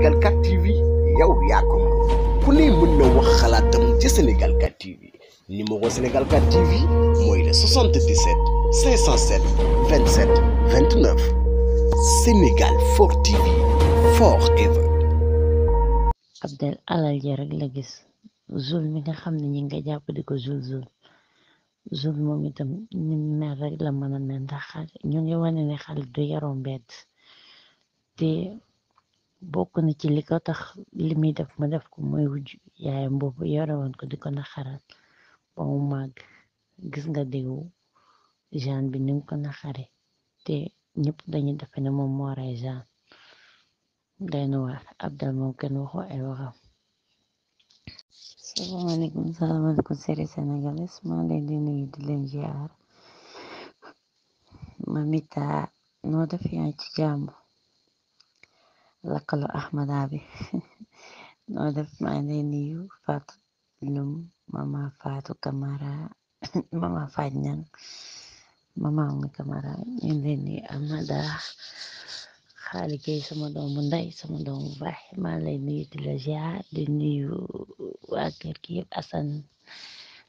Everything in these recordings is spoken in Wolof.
Sénégal 4 TV yow yaa ko ku ne mën na wax xalaatam ci Sénégal 4 TV numéro Sénégal 4 TV mooy le 77 507 27 29 Sénégal 4 TV forever. Abdel alal ja rek la gis zul mi nga xam ne ñi nga jàpp di ko zul zul zul moom itam ni mel rek la mën a mel ndax ñu ngi wane ne xale du yaroom te. bokk na ci li ko tax li muy def mu def ko mooy wujj yaayam boobu yorewoon ko ko naxaral ba mu gis nga diw Jeanne bi ni mu te ñëpp dañu defe ne moom moo rey Jeanne day nu waar Abdal moom kenn waxu ay waxam salaamaaleykum salaamaaleykum série sénégalais maa leen di nuyu di Mamita noo def yaa ci jàmm laqalo Ahmadabi, no def mane niyu fat lum mama fatu kamara mama fanyang mama ngi kamara ñu leen ni amada xaali sama doomu ndey sama doomu bax ma lay nuyu di la ziar di nuyu wa ki asan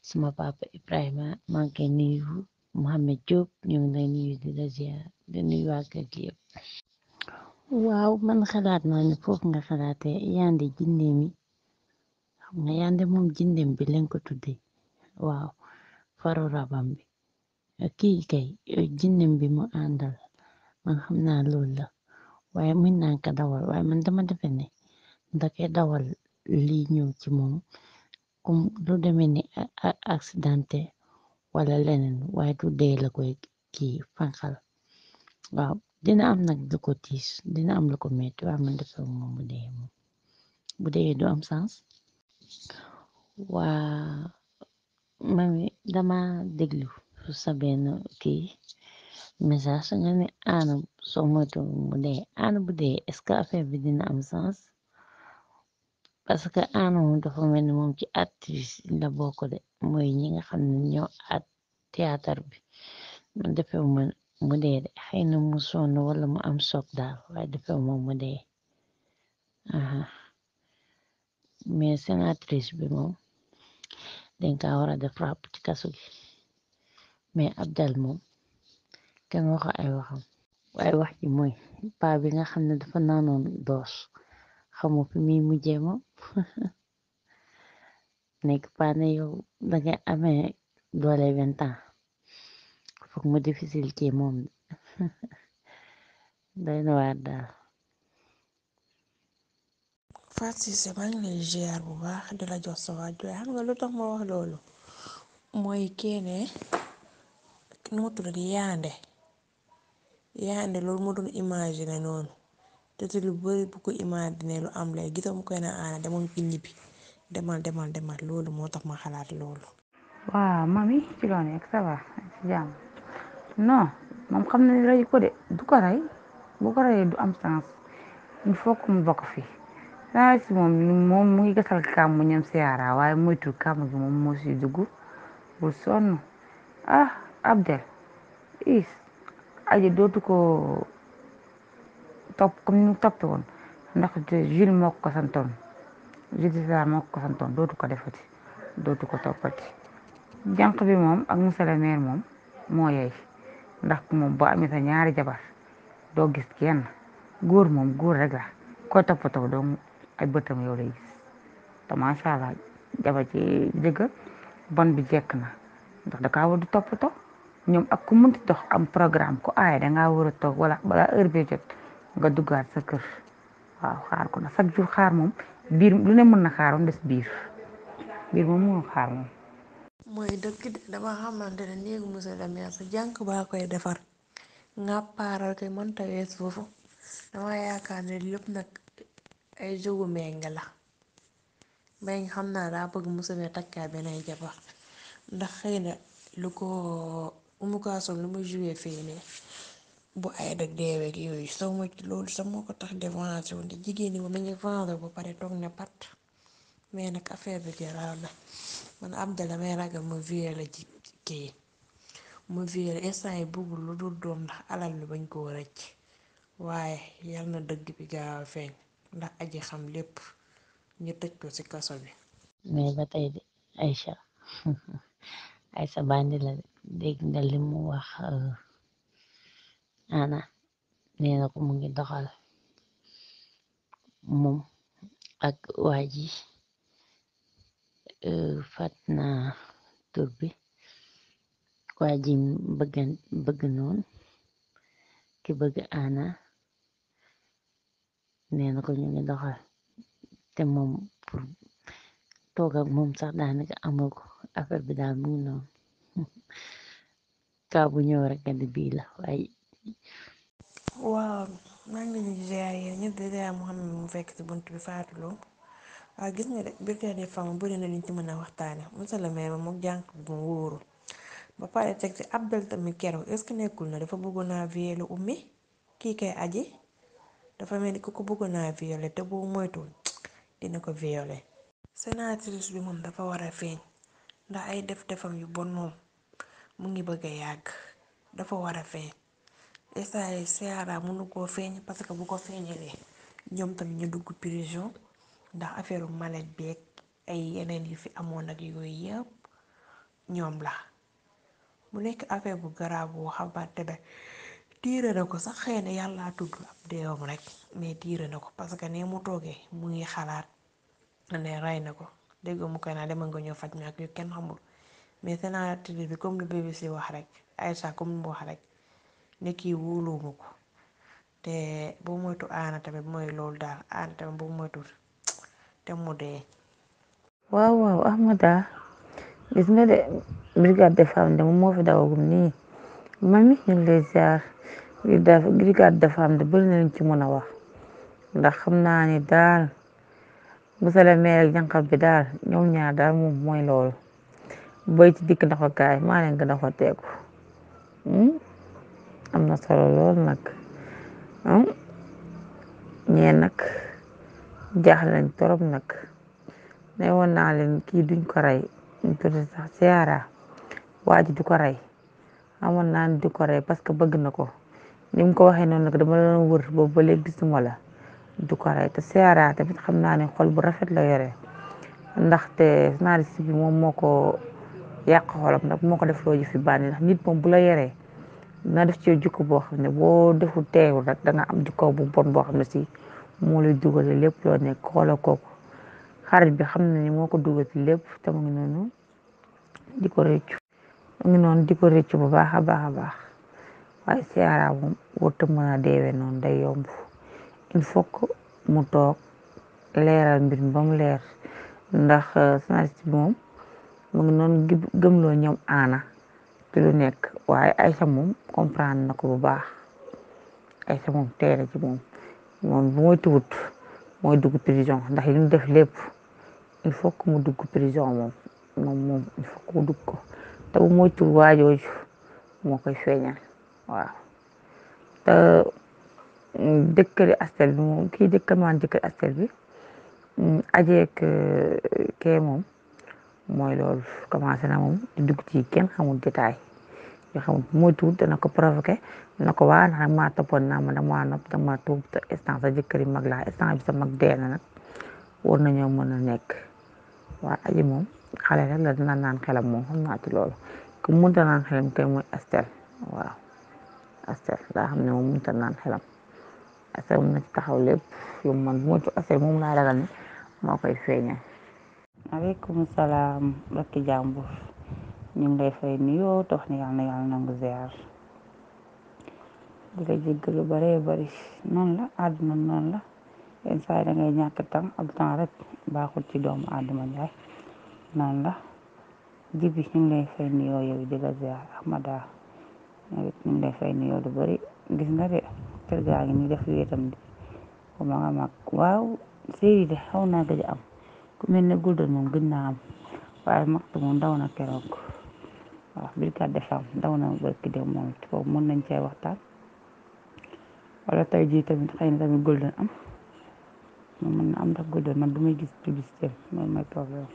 sama papa Ibrahima ma ngi Muhammad nuyu Mohamed Diop ñu ngi lay nuyu di la ziar di nuyu wa ki waaw man xalaat naa ni foofu nga xalaate yande jinne mi xam nga yande moom jinnem bi leen ko tudde waaw faru rabam bi kii kay jinnem bi mu àndal man xam naa loolu la waaye mën naa ko dawal waaye man dama defe ne ndake dawal li ñëw ci moom comme lu demee ni accidenté wala leneen waaye du dee la koy kii fanqal waaw dina am nag lu ko tiis dina am lu ko metti man def moom bu dee moom bu dee du am sens waa mami dama déglu sa benn kii message nga ne aana soo moytu bu dee aana bu dee est-ce que affaire bi dina am sens parce que aana moom dafa mel ni moom ci actrice la de mooy ñi nga xam ne ñoo at théâtre bi man defee man mu dee de xëy na mu sonn wala mu am soog daal waaye dafa moom mu dee mais sénatrice bi moom dañ kaa war a def ràpp ci kasu gi mais Abdal moom kenn waxu ay waxam waaye wax ji mooy paa bi nga xam ne dafa naanoon doos xamu fi mu mujjee moom nekk paa ne yow dangay amee doole vingt foog mu difficile ci moom day na waar daal Fatou Cissé maa ngi lay ziar bu baax di la jox sa wàjjuwaay xam nga lu tax ma wax loolu mooy keene nu mu tudd di yaande noonu te te lu bari bu ko imaginer lu am lay gisoo mu koy na aana demoon ki ñibbi demal demal demal loolu moo tax ma xalaat loolu waaw mami ci loo nekk ça va ci non moom xam na ne rey ko de du ko rey bu ko reyee du am sens il mu bokk fi saa si moom mu ngi gasal kàmm ñam siyaara waaye moytu kàmm gi moom moo si duggu bu sonn ah Abdel is aje dootu ko topp comme mu toppee woon ndax Jules moo ko santoon Jules César moo ko santoon dootu ko defati dootu ko toppati jànq bi moom ak monsieur le moom moo ndax moom boo amee sa ñaari jabar doo gis kenn góor moom góor rek la ko toppatoo doon ay bëtam yow lay gis te macha allah jabar ci dëgg bon bi jekk na ndax da kaa war di toppatoo ñoom ak ku mënti dox am programme ko aaye da ngaa war a toog wala balaa heure jot nga duggaat sa kër waaw xaar ku na chaque jour xaar moom biir lu ne mën na xaar xaaroon des biir biir moom mënul xaar moom. mooy dëkk dama xamante ne néegu monsieur le maire bi jànq baa koy defar ngàppaaral koy mënta wees foofu dama yaakaar ne lépp nag ay jógu mbeng la mbeng xam naa daa bëgg monsieur ndax xëy na lu ko umukaasoom lu muy joué fii bu ay dëkk deeweeg yooyu soo ma loolu sax moo ko tax dévention di jigéen ñi moom la ñuy vendre ba pare toog na pat mais nag affaire bi garaaw man Abda damay ragal mu violé la ci kii mu violé instant yi bëggul lu dul doom ndax alal bi bañ koo rëcc waaye yal na dëgg bi gaaw a feeñ ndax aji xam lépp ñu tëj ko ci kaso bi. mais ba tey de Aïcha Aïcha bandi la dégg nga li mu wax euh, ana nee ko mu ngi doxal moom ak waa ji. fatna turbi ko waa ji bëgg noon ki bëgg ana nee na ko ñu ngi doxal te mom pour toog ak moom sax daanaka amal ko affaire bi daal mu ngi noonu kaa bu ñëw rek nga di bii la way waaw maa ngi leen di ziar yéen ñëpp di ziar Mouhamed mu fekk ci buntu bi Fatou Lo waaw ah, gis nga de biir kër des femmes bëri na liñ ci mën a waxtaane monsieur le maire moom jànq bu wóoru ba pare teg ci Abdel tamit keroog est ce que nekkul na dafa bëggoon a violer ummi kii kay aji dafa mel ni ku ko bëggoon a violer te boo moytuwul dina ko violer. sénatrice bi moom dafa war a feeñ ndax ay def-defam yu ba moom mu ngi bëgg a yàgg dafa war a feeñ et ça mënu koo feeñ parce que bu ko feeñalee ñoom tamit ñu dugg prison. ndax affaire mallette beeg ay yeneen yu fi amoon ak yooyu yëpp ñoom la mu nekk affaire bu garaaw boo xamante ne tiire na ko sax xëy na yàllaa tudd ab deewam rek mais tiire na ko parce que nee mu toogee mu ngi xalaat ne rey na ko dégg mu koy naa demal nga ñëw faj mi yu kenn xamul mais sénat télé bi comme lu BBC wax rek Aïcha comme mu wax rek ne kii wóoluwuma ko te boo moytu aana tamit mooy loolu daal aana tamit boo moytuwul. te mu waaw waaw Ahmada gis nga de brigade des femmes de moom moo fi dawagum nii ma ñu ngi lay ziar brigade des de bëri na ci mën a wax ndax xam naa ni daal monsieur le maire ak bi daal ñoom ñaar daal moom mooy lool boy ci dikk na ko maa leen gën a xotteeku hmm? am na solo lool nag hmm? ñee nag. jaaxle nañ torop nag ne woon naa leen kii duñ ko rey ñu tudde sax waa ji du ko rey amoon naa ne du ko rey parce que bëgg na ko ni mu ko waxee noonu nag dama doon wër boobu ba léegi gisuma la du ko rey te Zahra tamit xam naa ne xol bu rafet la yore ndaxte journaliste bi moom moo ko yàq xolam nag moo ko def loo ji fi bànni ndax nit moom bu la yoree na def ci jikko boo xam ne boo defu teewul rek da nga am jikko bu bon boo xam ne si moo lay dugal lépp loo nekk xoola kooku xarit bi xam na ni moo ko dugal lépp te mu ngi noonu di ko rëccu mu ngi bu baax a baax a baax waaye siyaara moom wërta mën a deewee noonu day yomb il faut que mu toog leeral mbir mi ba leer ndax euh, scénariste moom mu ngi noon gëmloo ñoom aana ci lu nekk waaye Aïcha moom comprendre na ko bu baax Aïcha moom teere ci moom moom bu moy tugut mooy dugg prison ndax li mu def lépp il faut mu dugg prison moom moom moom il faut mu dugg ko te bu waajooju moo koy feeñal waaw te dëkkali astel bi moom kii dëkkal maan dëkkali astel bi ajeek kee moom mooy loolu commencé na moom di dugg ci kenn xamul détail yoo xam moytuwul dana ko provoqué na ko waa nag maa toppoon naa ma dama nopp dama tuub te instant sa jëkkër yi mag laa instant bi sa mag dee na nag war nañoo mën a nekk waa aji moom xale rek la dina naan xelam moom xam naa ci loolu ku mënta naan xelam kay mooy astel waaw astel daa xam ne moom mënta naan xelam astel mën na ci taxaw lépp yu man moom laa ragal ne moo koy feeñal. maaleykum salaam bakki jàmbur ñu ngi lay fay nuyoo tox ni yàlla na yàlla nangu ziar di la jégg lu bare bari noonu la àdduna noonu la yenn saa yi da ngay ñàkk tam ab temps rek baaxul ci doomu Adama Njaay noonu la jibi ñu ngi lay fay nuyoo yow di la ziar Ahmada ñu ngi fay nuyoo lu bari gis nga de kër gaa ngi ni def wéetam di ko ma mag waaw série de xaw naa gëj am ku mel ne Golden moom gën naa am waaye mag moom daw na keroog waaw brigade des daw na barki dem moom it mën nañ cee waxtaan wala tey jii tamit xëy na tamit golden am moom na am ndax golden man du may gis publicité mooy may problème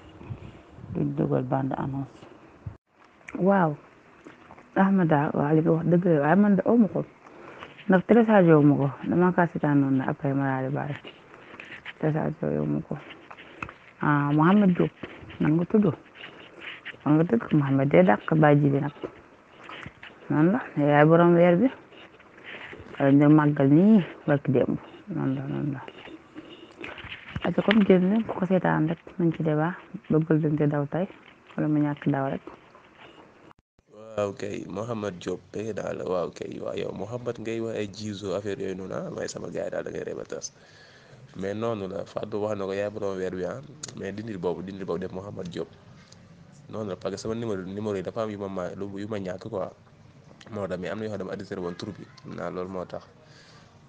duñ dugal bande annonce waaw Ahmada waaw li nga wax dëgg man de aw ma ko ndax télécharge yow ko dama kaa seetaan noonu na après ma daal di bàyyi télécharge yow ko ah Mouhamed Diop nan nga wax nga dëgg Muhammad de dàq bàjji bi nag noonu la yaay borom weer bi ñu màggal nii rek démb noonu la noonu la wax ay jiiso affaire yooyu noonu ah may sama na ko yaay borom weer bi ah mais dindil boobu dindil boobu def Mouhamed Diop noonu la parce que sama numéro numéro yi dafa yu ma ma yu ma ñàkk moo tax am na yoo xam ne dama adressé woon tur naa loolu moo tax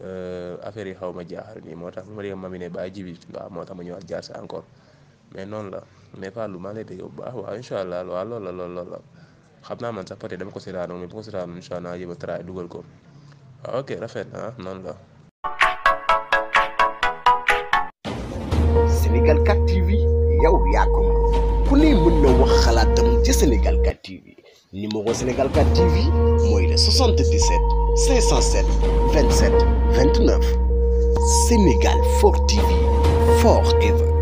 euh, affaire yi xaw ma jaaxal nii moo tax bi ma déggee ma mi baa bàyyi moo tax ma ñëwaat jaar si encore mais noonu la mais Fallou maa ngi lay dégg bu baax waaw incha allah waaw loolu loolu xam naa man sax peut-être dama ko seetaanoo mais bu ko seetaanoo incha allah yóbbu traay dugal ko waaw ah, ok rafet na noonu la. Sénégal 4 TV yow yaa Pour ne mën na Sénégal 4 TV numéro Sénégal 4 TV 77 507 27 29 Sénégal 4 TV forever.